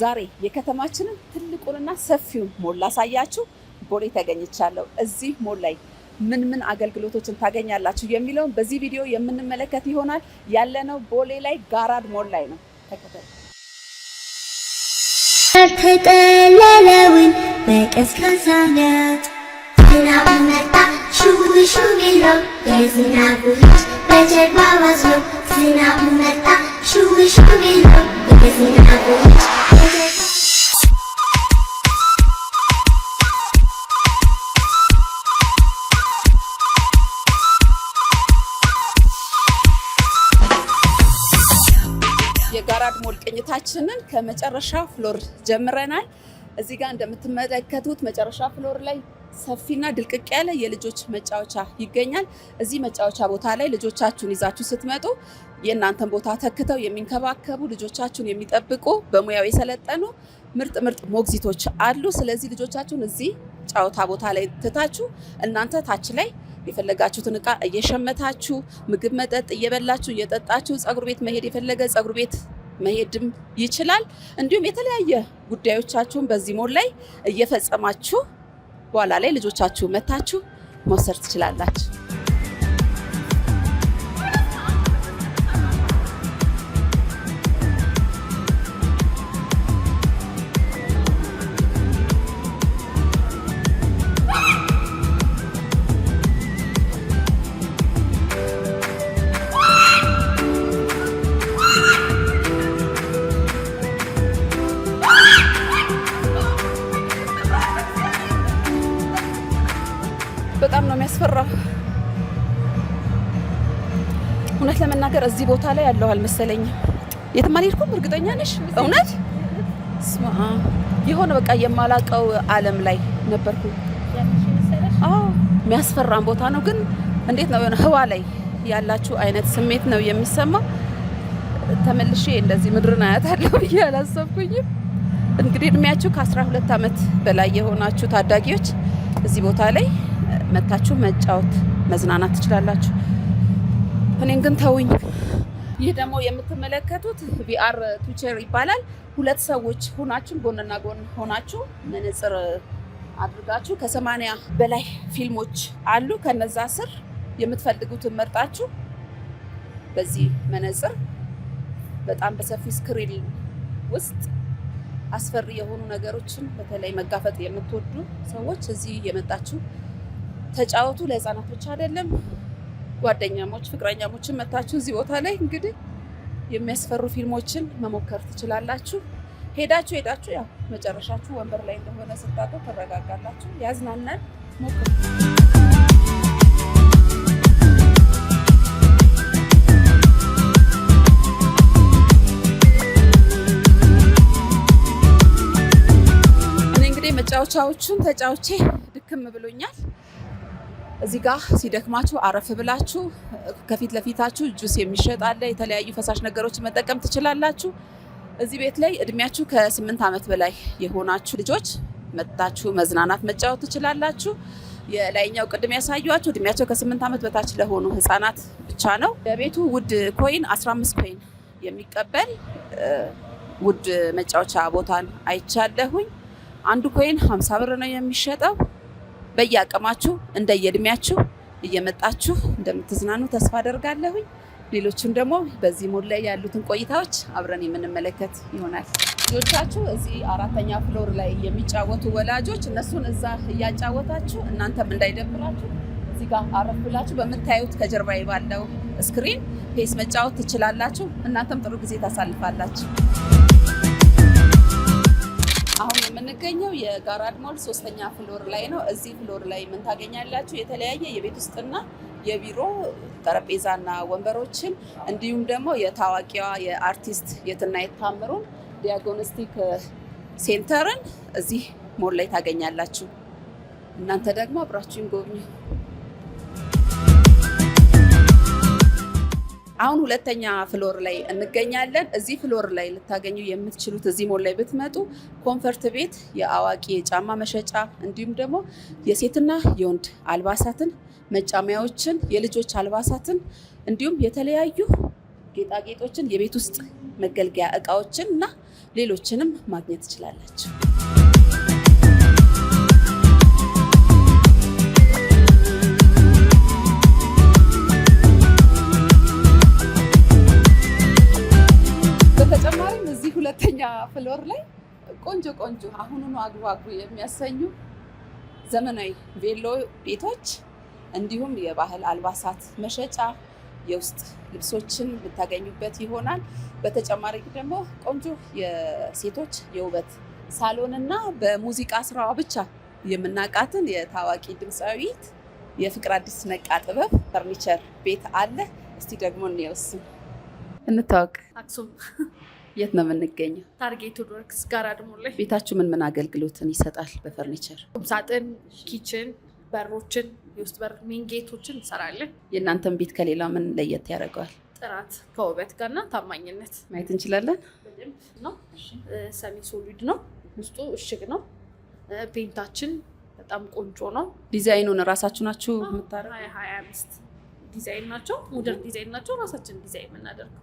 ዛሬ የከተማችንን ትልቁንና ሰፊውን ሞል ላሳያችሁ ቦሌ ተገኝቻለሁ። እዚህ ሞል ላይ ምን ምን አገልግሎቶችን ታገኛላችሁ የሚለውን በዚህ ቪዲዮ የምንመለከት ይሆናል። ያለነው ቦሌ ላይ ጋራድ ሞል ላይ ነው። ተከተሉ። በቀዝቃዛ መጣ የዝናቡ ልጅ በጀርባ ዋዝሎ ዝናቡ መጣ ነው የጋራድ ሞል ቅኝታችንን ከመጨረሻ ፍሎር ጀምረናል። እዚህ ጋር እንደምትመለከቱት መጨረሻ ፍሎር ላይ ሰፊና ድልቅቅ ያለ የልጆች መጫወቻ ይገኛል። እዚህ መጫወቻ ቦታ ላይ ልጆቻችሁን ይዛችሁ ስትመጡ የእናንተን ቦታ ተክተው የሚንከባከቡ ልጆቻችሁን የሚጠብቁ በሙያው የሰለጠኑ ምርጥ ምርጥ ሞግዚቶች አሉ። ስለዚህ ልጆቻችሁን እዚህ ጫወታ ቦታ ላይ ትታችሁ እናንተ ታች ላይ የፈለጋችሁትን እቃ እየሸመታችሁ ምግብ መጠጥ እየበላችሁ እየጠጣችሁ ጸጉር ቤት መሄድ የፈለገ ጸጉር ቤት መሄድም ይችላል። እንዲሁም የተለያየ ጉዳዮቻችሁን በዚህ ሞል ላይ እየፈጸማችሁ በኋላ ላይ ልጆቻችሁ መታችሁ መውሰድ ትችላላችሁ። እዚህ ቦታ ላይ ያለው አልመሰለኝም። የትም አልሄድኩም። እርግጠኛ ነሽ? እውነት የሆነ በቃ የማላቀው ዓለም ላይ ነበርኩ። አዎ የሚያስፈራን ቦታ ነው፣ ግን እንዴት ነው የሆነ ህዋ ላይ ያላችሁ አይነት ስሜት ነው የሚሰማ። ተመልሼ እንደዚህ ምድርን አያታለሁ ብዬ አላሰብኩኝም። እንግዲህ እድሜያችሁ ከአስራ ሁለት ዓመት በላይ የሆናችሁ ታዳጊዎች እዚህ ቦታ ላይ መታችሁ መጫወት፣ መዝናናት ትችላላችሁ። እኔን ግን ተውኝ። ይህ ደግሞ የምትመለከቱት ቪአር ቱቸር ይባላል። ሁለት ሰዎች ሆናችሁ ጎንና ጎን ሆናችሁ መነጽር አድርጋችሁ ከሰማንያ በላይ ፊልሞች አሉ። ከነዛ ስር የምትፈልጉትን መርጣችሁ በዚህ መነጽር በጣም በሰፊ ስክሪን ውስጥ አስፈሪ የሆኑ ነገሮችን በተለይ መጋፈጥ የምትወዱ ሰዎች እዚህ የመጣችሁ ተጫወቱ። ለህፃናቶች አይደለም። ጓደኛሞች፣ ፍቅረኛሞችን መታችሁ እዚህ ቦታ ላይ እንግዲህ የሚያስፈሩ ፊልሞችን መሞከር ትችላላችሁ። ሄዳችሁ ሄዳችሁ ያው መጨረሻችሁ ወንበር ላይ እንደሆነ ስታጠው ትረጋጋላችሁ። ያዝናናል። ሞክሩ። እኔ እንግዲህ መጫወቻዎቹን ተጫውቼ ድክም ብሎኛል። እዚህ ጋር ሲደክማችሁ አረፍ ብላችሁ ከፊት ለፊታችሁ ጁስ የሚሸጥ አለ። የተለያዩ ፈሳሽ ነገሮችን መጠቀም ትችላላችሁ። እዚህ ቤት ላይ እድሜያችሁ ከስምንት ዓመት በላይ የሆናችሁ ልጆች መጥታችሁ መዝናናት መጫወት ትችላላችሁ። የላይኛው ቅድም ያሳየኋችሁ እድሜያቸው ከስምንት ዓመት በታች ለሆኑ ህፃናት ብቻ ነው። የቤቱ ውድ ኮይን 15 ኮይን የሚቀበል ውድ መጫወቻ ቦታን አይቻለሁኝ። አንዱ ኮይን 50 ብር ነው የሚሸጠው። በየአቅማችሁ እንደየእድሜያችሁ እየመጣችሁ እንደምትዝናኑ ተስፋ አደርጋለሁኝ። ሌሎችም ደግሞ በዚህ ሞል ላይ ያሉትን ቆይታዎች አብረን የምንመለከት ይሆናል። ልጆቻችሁ እዚህ አራተኛ ፍሎር ላይ የሚጫወቱ ወላጆች እነሱን እዛ እያጫወታችሁ እናንተም እንዳይደብራችሁ እዚህ ጋር አረፍ ብላችሁ በምታዩት ከጀርባ ባለው ስክሪን ፔስ መጫወት ትችላላችሁ። እናንተም ጥሩ ጊዜ ታሳልፋላችሁ። ጋራ ሞል ሶስተኛ ፍሎር ላይ ነው። እዚህ ፍሎር ላይ ምን ታገኛላችሁ? የተለያየ የቤት ውስጥና የቢሮ ጠረጴዛና ወንበሮችን እንዲሁም ደግሞ የታዋቂዋ የአርቲስት የትናየት ታምሩን ዲያግኖስቲክ ሴንተርን እዚህ ሞል ላይ ታገኛላችሁ። እናንተ ደግሞ አብራችሁን ጎብኙ። አሁን ሁለተኛ ፍሎር ላይ እንገኛለን። እዚህ ፍሎር ላይ ልታገኙ የምትችሉት እዚህ ሞል ላይ ብትመጡ ኮንፈርት ቤት፣ የአዋቂ የጫማ መሸጫ እንዲሁም ደግሞ የሴትና የወንድ አልባሳትን፣ መጫሚያዎችን፣ የልጆች አልባሳትን እንዲሁም የተለያዩ ጌጣጌጦችን፣ የቤት ውስጥ መገልገያ እቃዎችን እና ሌሎችንም ማግኘት ትችላላችሁ። ሁለተኛ ፍሎር ላይ ቆንጆ ቆንጆ አሁኑኑ አግባቡ የሚያሰኙ ዘመናዊ ቬሎ ቤቶች እንዲሁም የባህል አልባሳት መሸጫ የውስጥ ልብሶችን የምታገኙበት ይሆናል። በተጨማሪ ደግሞ ቆንጆ የሴቶች የውበት ሳሎን እና በሙዚቃ ስራዋ ብቻ የምናውቃትን የታዋቂ ድምፃዊት የፍቅር አዲስ ነቃ ጥበብ ፈርኒቸር ቤት አለ። እስቲ ደግሞ እንየውስ እንታወቅ። አክሱም የት ነው የምንገኘው? ታርጌት ወርክስ ጋር ደግሞ ላይ ቤታችሁ ምን ምን አገልግሎትን ይሰጣል? በፈርኒቸር ቁምሳጥን፣ ኪችን፣ በሮችን፣ የውስጥ በር ሜንጌቶችን ጌቶችን እንሰራለን። የእናንተን ቤት ከሌላ ምን ለየት ያደርገዋል? ጥራት ከውበት ጋርና ታማኝነት ማየት እንችላለን። ነው ሰሚ ሶሊድ ነው፣ ውስጡ እሽግ ነው። ፔንታችን በጣም ቆንጆ ነው። ዲዛይኑን እራሳችሁ ናችሁ የምታረ ሀያ አምስት ዲዛይን ናቸው፣ ሞደርን ዲዛይን ናቸው። ራሳችን ዲዛይን የምናደርገው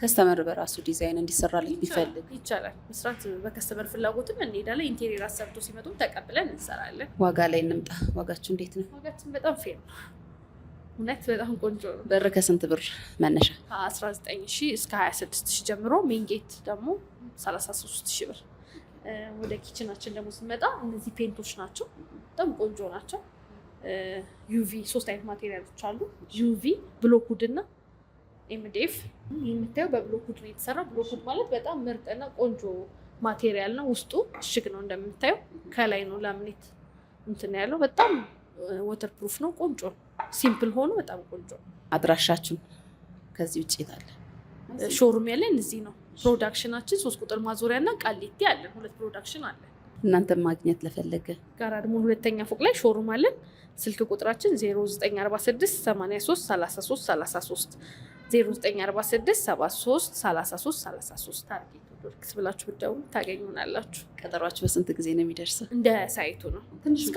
ከስተመር በራሱ ዲዛይን እንዲሰራልኝ ቢፈልግ ይቻላል መስራት። በከስተመር ፍላጎትም እንሄዳለን። ኢንቴሪየር አሰርቶ ሲመጡም ተቀብለን እንሰራለን። ዋጋ ላይ እንምጣ። ዋጋችሁ እንዴት ነው? ዋጋችን በጣም ፌር ነው። እውነት በጣም ቆንጆ ነው። ብር ከስንት ብር መነሻ? ከ ዘጠኝ ሺህ እስከ ሀያ ስድስት ሺህ ጀምሮ ሜንጌት ደግሞ ሰላሳ ሶስት ሺህ ብር። ወደ ኪችናችን ደግሞ ስንመጣ እነዚህ ፔንቶች ናቸው። በጣም ቆንጆ ናቸው። ዩቪ ሶስት አይነት ማቴሪያሎች አሉ። ዩቪ ብሎክ ውድ እና ኤምዴፍ የምታየው በብሎኩድ ነው የተሰራው። ብሎኩድ ማለት በጣም ምርጥና ቆንጆ ማቴሪያል ነው። ውስጡ እሽግ ነው እንደምታየው፣ ከላይ ነው ላምኔት እንትን ያለው። በጣም ወተር ፕሩፍ ነው። ቆንጆ ሲምፕል ሆኖ በጣም ቆንጆ። አድራሻችን ከዚህ ውጭ ታለ ሾሩም ያለን እዚህ ነው። ፕሮዳክሽናችን ሶስት ቁጥር ማዞሪያ እና ቃሊቲ አለን። ሁለት ፕሮዳክሽን አለን። እናንተ ማግኘት ለፈለገ ጋራ ሞል ሁለተኛ ፎቅ ላይ ሾሩም አለን። ስልክ ቁጥራችን 0946 83 33 33 0946733333 ታርጌት ዶርክስ ብላችሁ ብትደውሉ ታገኙናላችሁ። ቀጠሯችሁ በስንት ጊዜ ነው የሚደርሰው? እንደ ሳይቱ ነው። ከአንድ ወር እስከ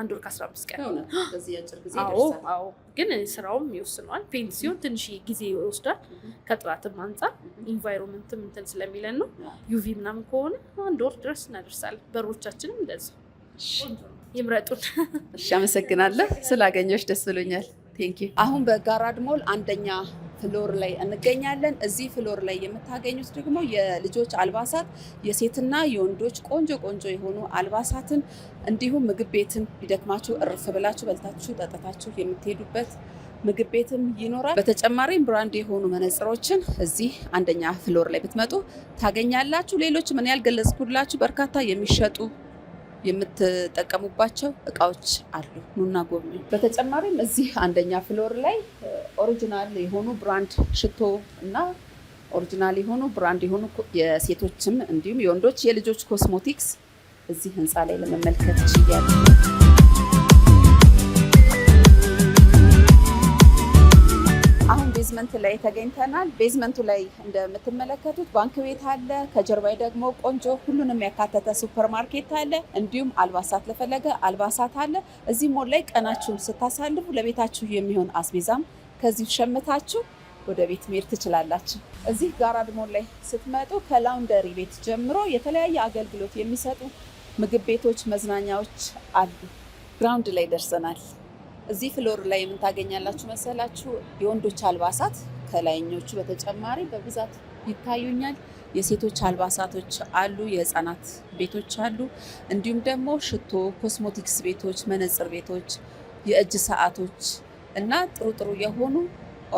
አንድ ወር ከአስራ አምስት ቀን በዚህ አጭር ጊዜ ግን ስራውም ይወስነዋል። ፔንት ሲሆን ትንሽ ጊዜ ይወስዳል። ከጥራትም አንጻር ኢንቫይሮንመንትም እንትን ስለሚለን ነው። ዩቪ ምናምን ከሆነ አንድ ወር ድረስ እናደርሳለን። በሮቻችንም እንደዚሁ ይምረጡን። እሺ፣ አመሰግናለሁ ስላገኘሁሽ ደስ ብሎኛል። ቴንኪው። አሁን በጋራድ ሞል አንደኛ ፍሎር ላይ እንገኛለን። እዚህ ፍሎር ላይ የምታገኙት ደግሞ የልጆች አልባሳት፣ የሴትና የወንዶች ቆንጆ ቆንጆ የሆኑ አልባሳትን እንዲሁም ምግብ ቤትን ቢደክማችሁ እርፍ ብላችሁ በልታችሁ ጠጥታችሁ የምትሄዱበት ምግብ ቤትም ይኖራል። በተጨማሪም ብራንድ የሆኑ መነጽሮችን እዚህ አንደኛ ፍሎር ላይ ብትመጡ ታገኛላችሁ። ሌሎች ምን ያልገለጽኩላችሁ በርካታ የሚሸጡ የምትጠቀሙባቸው እቃዎች አሉ። ኑና ጎብኙ። በተጨማሪም እዚህ አንደኛ ፍሎር ላይ ኦሪጂናል የሆኑ ብራንድ ሽቶ እና ኦሪጂናል የሆኑ ብራንድ የሆኑ የሴቶችም እንዲሁም የወንዶች የልጆች ኮስሞቲክስ እዚህ ህንፃ ላይ ለመመልከት ችያለሁ። ቤዝመንት ላይ ተገኝተናል። ቤዝመንቱ ላይ እንደምትመለከቱት ባንክ ቤት አለ። ከጀርባይ ደግሞ ቆንጆ ሁሉንም ያካተተ ሱፐር ማርኬት አለ። እንዲሁም አልባሳት ለፈለገ አልባሳት አለ። እዚህ ሞል ላይ ቀናችሁን ስታሳልፉ ለቤታችሁ የሚሆን አስቤዛም ከዚ ሸምታችሁ ወደ ቤት መሄድ ትችላላችሁ። እዚህ ጋራድ ሞል ላይ ስትመጡ ከላውንደሪ ቤት ጀምሮ የተለያየ አገልግሎት የሚሰጡ ምግብ ቤቶች፣ መዝናኛዎች አሉ። ግራውንድ ላይ ደርሰናል። እዚህ ፍሎር ላይ የምታገኛላችሁ መሰላችሁ? የወንዶች አልባሳት ከላይኞቹ በተጨማሪ በብዛት ይታዩኛል። የሴቶች አልባሳቶች አሉ፣ የህፃናት ቤቶች አሉ፣ እንዲሁም ደግሞ ሽቶ፣ ኮስሞቲክስ ቤቶች፣ መነጽር ቤቶች፣ የእጅ ሰዓቶች እና ጥሩ ጥሩ የሆኑ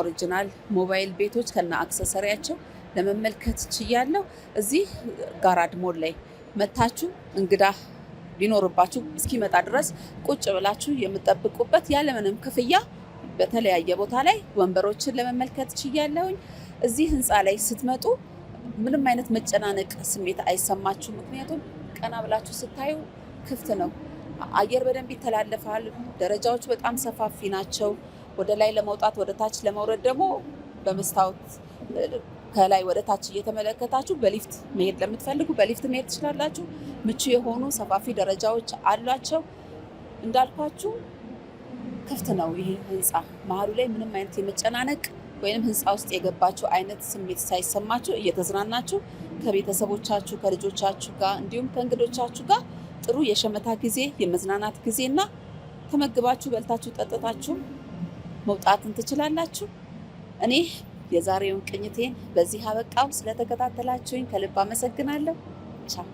ኦሪጂናል ሞባይል ቤቶች ከና አክሰሰሪያቸው ለመመልከት ችያለሁ። እዚህ ጋራድ ሞል ላይ መታችሁ እንግዳ ቢኖርባችሁ እስኪመጣ ድረስ ቁጭ ብላችሁ የምጠብቁበት ያለምንም ክፍያ በተለያየ ቦታ ላይ ወንበሮችን ለመመልከት ችያለሁኝ። እዚህ ህንፃ ላይ ስትመጡ ምንም አይነት መጨናነቅ ስሜት አይሰማችሁ። ምክንያቱም ቀና ብላችሁ ስታዩ ክፍት ነው። አየር በደንብ ይተላለፋል። ደረጃዎች በጣም ሰፋፊ ናቸው። ወደ ላይ ለመውጣት ወደ ታች ለመውረድ ደግሞ በመስታወት ከላይ ወደ ታች እየተመለከታችሁ በሊፍት መሄድ ለምትፈልጉ በሊፍት መሄድ ትችላላችሁ። ምቹ የሆኑ ሰፋፊ ደረጃዎች አሏቸው። እንዳልኳችሁ ክፍት ነው ይህ ህንፃ። መሀሉ ላይ ምንም አይነት የመጨናነቅ ወይም ህንፃ ውስጥ የገባችሁ አይነት ስሜት ሳይሰማችሁ እየተዝናናችሁ ከቤተሰቦቻችሁ ከልጆቻችሁ ጋር እንዲሁም ከእንግዶቻችሁ ጋር ጥሩ የሸመታ ጊዜ የመዝናናት ጊዜ እና ተመግባችሁ በልታችሁ ጠጥታችሁ መውጣትን ትችላላችሁ። እኔ የዛሬውን ቅኝቴን በዚህ አበቃው። ስለተከታተላችሁኝ ከልብ አመሰግናለሁ። ቻው